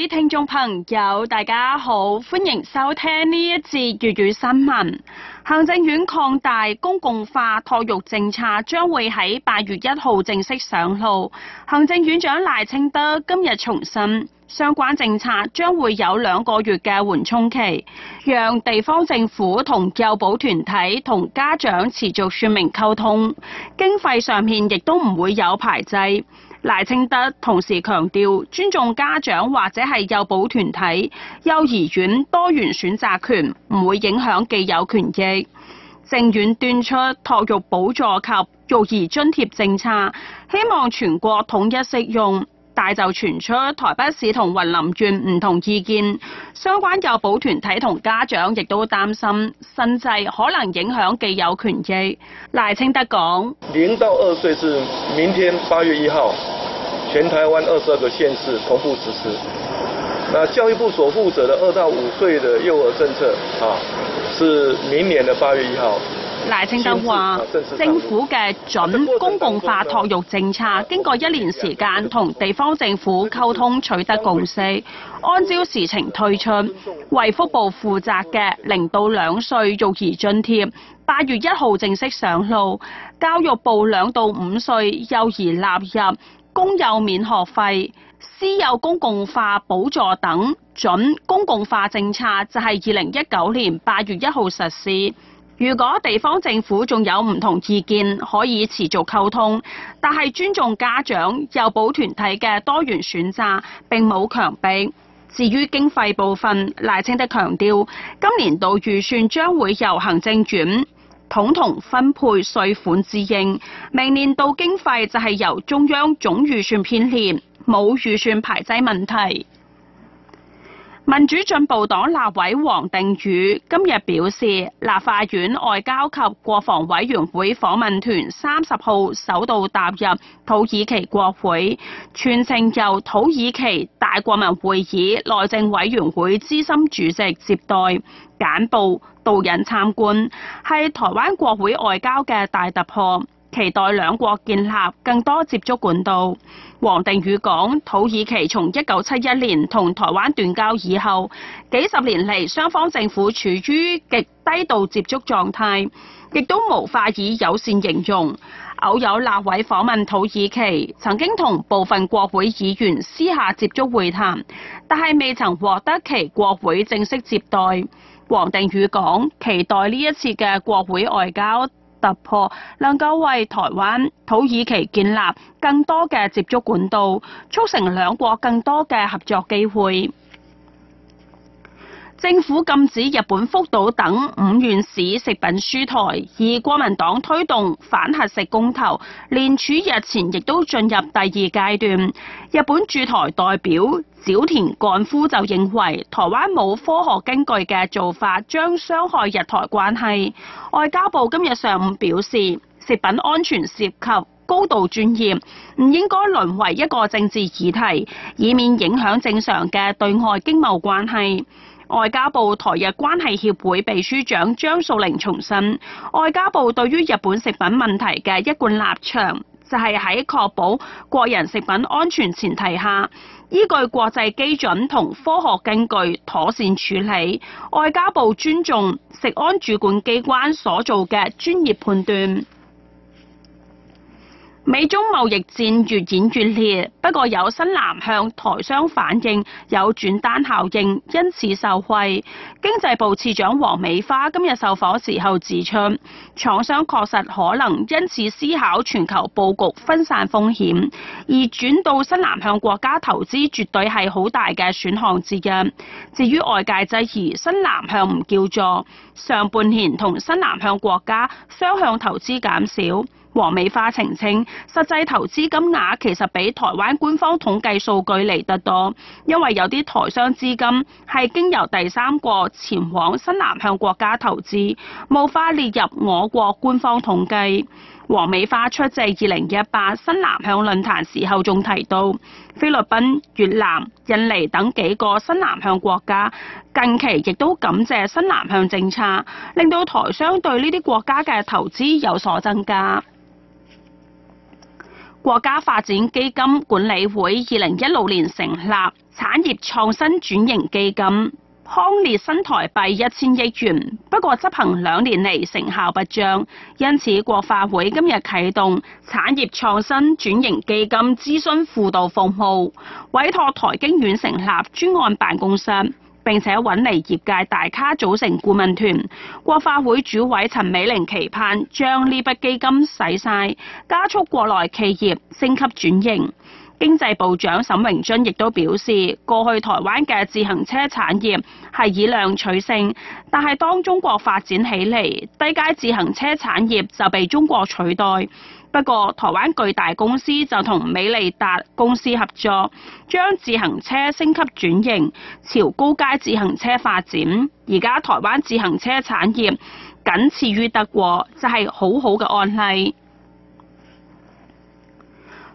各位聽眾朋友，大家好，歡迎收聽呢一節粵語新聞。行政院擴大公共化托育政策，將會喺八月一號正式上路。行政院長賴清德今日重申，相關政策將會有兩個月嘅緩衝期，讓地方政府同教保團體同家長持續說明溝通。經費上面亦都唔會有排擠。賴清德同時強調，尊重家長或者係幼保團體、幼兒園多元選擇權，唔會影響既有權益。政院端出托育補助及育兒津貼政策，希望全國統一適用。大就傳出台北市同雲林縣唔同意見，相關教保團體同家長亦都擔心新制可能影響既有權益。賴清德講：零到二歲是明天八月一號，全台灣二十二個縣市同步實施。那教育部所負責的二到五歲的幼兒政策，啊，是明年的八月一號。賴清德話政府嘅準公共化托育政策，經過一年時間同地方政府溝通，取得共識，按照時程推出。衛福部負責嘅零到兩歲育兒津貼八月一號正式上路；教育部兩到五歲幼兒納入公幼免學費、私幼公共化補助等準公共化政策，就係二零一九年八月一號實施。如果地方政府仲有唔同意見可以持續溝通，但係尊重家長幼保團體嘅多元選擇並冇強逼。至於經費部分，賴清德強調，今年度預算將會由行政院統同分配稅款支應，明年度經費就係由中央總預算編列，冇預算排擠問題。民主進步黨立委王定宇今日表示，立法院外交及國防委員會訪問團三十號首度踏入土耳其國會，全程由土耳其大國民會議內政委員會資深主席接待，簡報導引參觀，係台灣國會外交嘅大突破。期待兩國建立更多接觸管道。黃定宇講：土耳其從一九七一年同台灣斷交以後，幾十年嚟雙方政府處於極低度接觸狀態，亦都無法以友善形容。偶有立委訪問土耳其，曾經同部分國會議員私下接觸會談，但係未曾獲得其國會正式接待。黃定宇講：期待呢一次嘅國會外交。突破能夠為台灣土耳其建立更多嘅接觸管道，促成兩國更多嘅合作機會。政府禁止日本福島等五縣市食品輸台，以國民黨推動反核食公投，聯署日前亦都進入第二階段。日本駐台代表沼田幹夫就認為，台灣冇科學根據嘅做法，將傷害日台關係。外交部今日上午表示，食品安全涉及高度專業，唔應該淪為一個政治議題，以免影響正常嘅對外經貿關係。外交部台日關係協會秘書長張素玲重申，外交部對於日本食品問題嘅一貫立場就係喺確保國人食品安全前提下，依據國際基準同科學根據妥善處理。外交部尊重食安主管機關所做嘅專業判斷。美中貿易戰越演越烈，不過有新南向台商反應有轉單效應，因此受惠。經濟部次長王美花今日受訪時候指出，廠商確實可能因此思考全球佈局分散風險，而轉到新南向國家投資絕對係好大嘅選項之一。至於外界質疑新南向唔叫座，上半年同新南向國家雙向投資減少。王美花澄清，實際投資金額其實比台灣官方統計數據嚟得多，因為有啲台商資金係經由第三國前往新南向國家投資，無法列入我國官方統計。王美花出席二零一八新南向論壇時候，仲提到菲律賓、越南、印尼等幾個新南向國家近期亦都感謝新南向政策，令到台商對呢啲國家嘅投資有所增加。國家發展基金管理會二零一六年成立產業創新轉型基金。康烈新台幣一千億元，不過執行兩年嚟成效不彰，因此國發會今日啟動產業創新轉型基金諮詢輔導服務，委託台經院成立專案辦公室，並且揾嚟業界大咖組成顧問團。國發會主委陳美玲期盼將呢筆基金使晒，加速國內企業升級轉型。經濟部長沈榮津亦都表示，過去台灣嘅自行車產業係以量取勝，但係當中國發展起嚟，低階自行車產業就被中國取代。不過，台灣巨大公司就同美利達公司合作，將自行車升級轉型，朝高階自行車發展。而家台灣自行車產業僅次於德國，就係、是、好好嘅案例。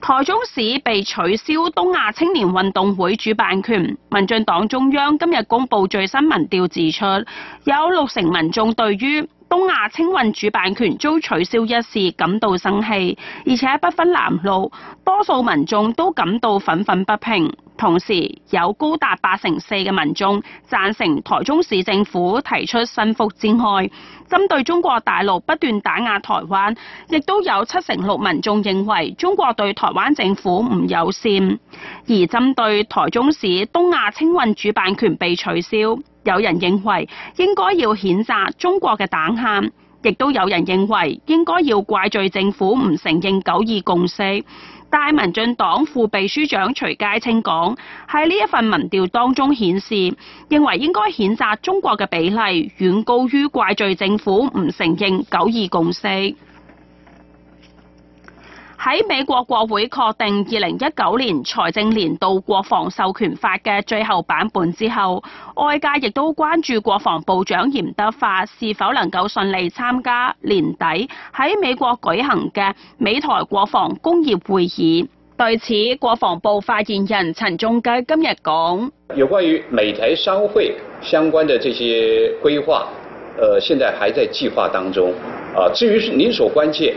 台中市被取消東亞青年運動會主辦權，民進黨中央今日公布最新民調指出，有六成民眾對於東亞青運主辦權遭取消一事感到生氣，而且不分藍綠，多數民眾都感到憤憤不平。同時有高達八成四嘅民眾贊成台中市政府提出申復爭開。針對中國大陸不斷打壓台灣，亦都有七成六民眾認為中國對台灣政府唔友善。而針對台中市東亞青運主辦權被取消。有人認為應該要譴責中國嘅膽喊，亦都有人認為應該要怪罪政府唔承認九二共識。但民進黨副秘書長徐佳清講，喺呢一份民調當中顯示，認為應該譴責中國嘅比例遠高於怪罪政府唔承認九二共識。喺美國國會確定二零一九年財政年度國防授權法嘅最後版本之後，外界亦都關注國防部長嚴德發是否能夠順利參加年底喺美國舉行嘅美台國防工業會議。對此，國防部發言人陳仲基今日講：有關於美台商會相關的這些規劃，現、呃、現在還在計劃當中。啊，至於您所關切。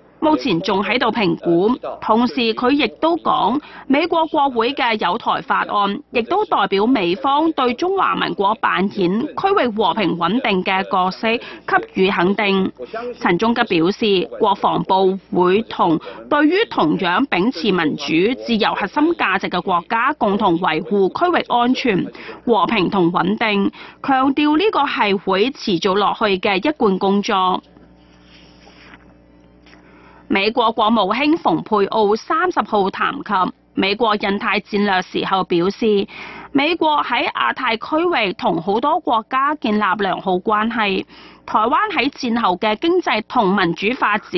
目前仲喺度評估，同時佢亦都講美國國會嘅有台法案，亦都代表美方對中華民國扮演區域和平穩定嘅角色給予肯定。陳中吉表示，國防部會同對於同樣秉持民主自由核心價值嘅國家，共同維護區域安全、和平同穩定，強調呢個係會持續落去嘅一貫工作。美國國務卿蓬佩奧三十號談及美國印太戰略時候表示，美國喺亞太區域同好多國家建立良好關係。台灣喺戰後嘅經濟同民主發展，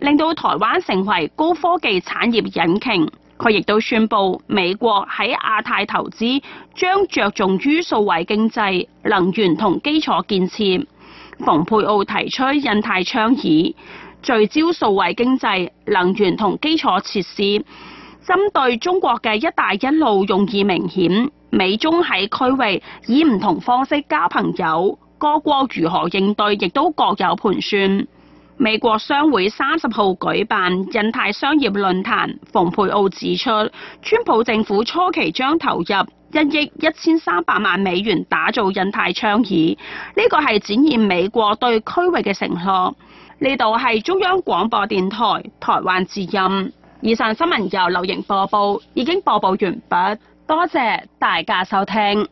令到台灣成為高科技產業引擎。佢亦都宣佈美國喺亞太投資將着重於數位經濟、能源同基礎建設。蓬佩奧提出印太倡議。聚焦數位經濟、能源同基礎設施，針對中國嘅「一帶一路」用意明顯。美中喺區域以唔同方式交朋友，各國如何應對亦都各有盤算。美國商會三十號舉辦印太商業論壇，蓬佩奧指出，川普政府初期將投入一億一千三百萬美元打造印太倡議，呢個係展現美國對區域嘅承諾。呢度係中央廣播電台台灣之音。以上新聞由劉瑩播報，已經播報完畢，多謝大家收聽。